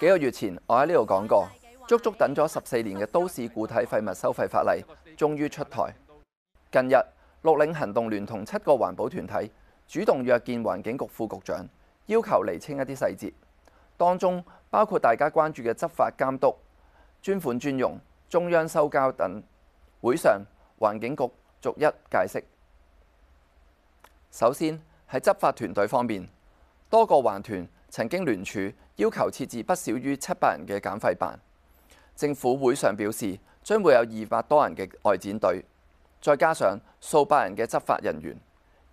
幾個月前，我喺呢度講過，足足等咗十四年嘅都市固體廢物收費法例終於出台。近日，綠領行動聯同七個環保團體主動約見環境局副局長，要求釐清一啲細節，當中包括大家關注嘅執法監督、專款專用、中央收交等。會上，環境局逐一解釋。首先喺執法團隊方面，多個環團曾經聯署要求設置不少於七百人嘅減廢辦，政府會上表示將會有二百多人嘅外展隊，再加上數百人嘅執法人員，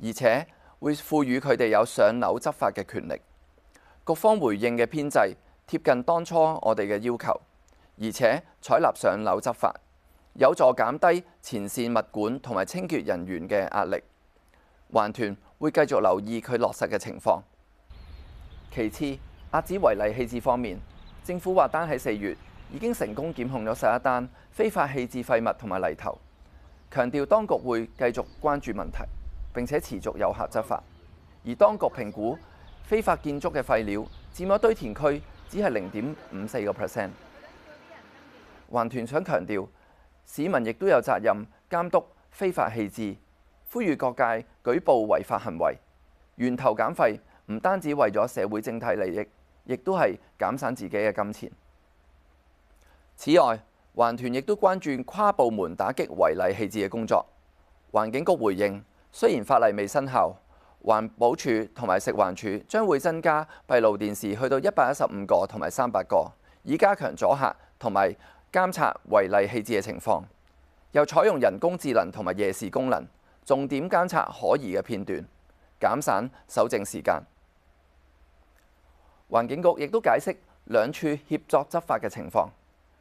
而且會賦予佢哋有上樓執法嘅權力。局方回應嘅編制貼近當初我哋嘅要求，而且採納上樓執法，有助減低前線物管同埋清潔人員嘅壓力。環團會繼續留意佢落實嘅情況。其次，遏止違例棄置方面，政府話單喺四月已經成功檢控咗十一單非法棄置廢物同埋泥頭，強調當局會繼續關注問題並且持續有效執法。而當局評估非法建築嘅廢料佔咗堆填區只係零點五四個 percent。環團想強調，市民亦都有責任監督非法棄置，呼籲各界舉報違法行為，源頭減廢。唔單止為咗社會整體利益，亦都係減省自己嘅金錢。此外，環團亦都關注跨部門打擊違例棄置嘅工作。環境局回應，雖然法例未生效，環保署同埋食環署將會增加閉路電視去到一百一十五個同埋三百個，以加強阻嚇同埋監察違例棄置嘅情況。又採用人工智能同埋夜視功能，重點監察可疑嘅片段，減省搜證時間。環境局亦都解釋兩處協作執法嘅情況，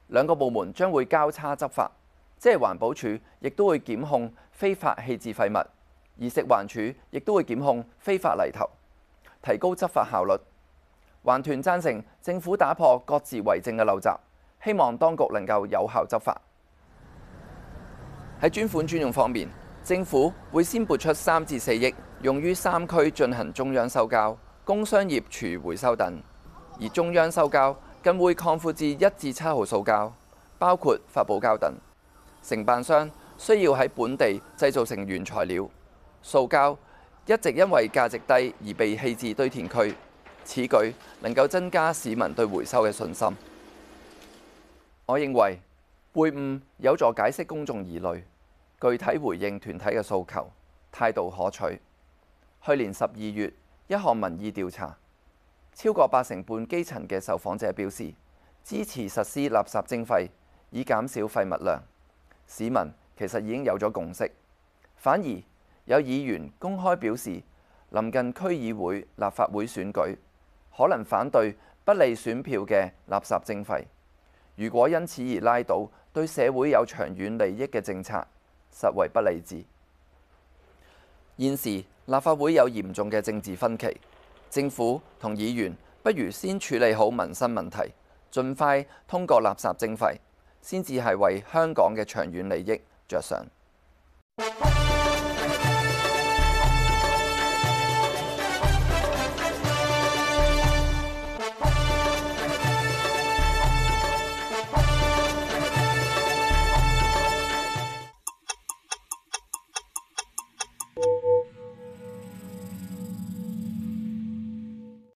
兩個部門將會交叉執法，即係環保署亦都會檢控非法棄置廢物，而食環署亦都會檢控非法泥頭，提高執法效率。環團贊成政府打破各自為政嘅陋習，希望當局能夠有效執法。喺專款專用方面，政府會先撥出三至四億，用於三區進行中央收膠。工、商業、廚回收等，而中央收膠更會擴闊至一至七號塑膠，包括發泡膠等。承辦商需要喺本地製造成原材料塑膠，一直因為價值低而被棄置堆填區。此舉能夠增加市民對回收嘅信心。我認為會晤有助解釋公眾疑慮，具體回應團體嘅訴求，態度可取。去年十二月，一項民意調查，超過八成半基層嘅受訪者表示支持實施垃圾徵費，以減少廢物量。市民其實已經有咗共識，反而有議員公開表示，臨近區議會、立法會選舉，可能反對不利選票嘅垃圾徵費。如果因此而拉倒對社會有長遠利益嘅政策，實為不理智。現時立法會有嚴重嘅政治分歧，政府同議員不如先處理好民生問題，盡快通過垃圾徵費，先至係為香港嘅長遠利益着想。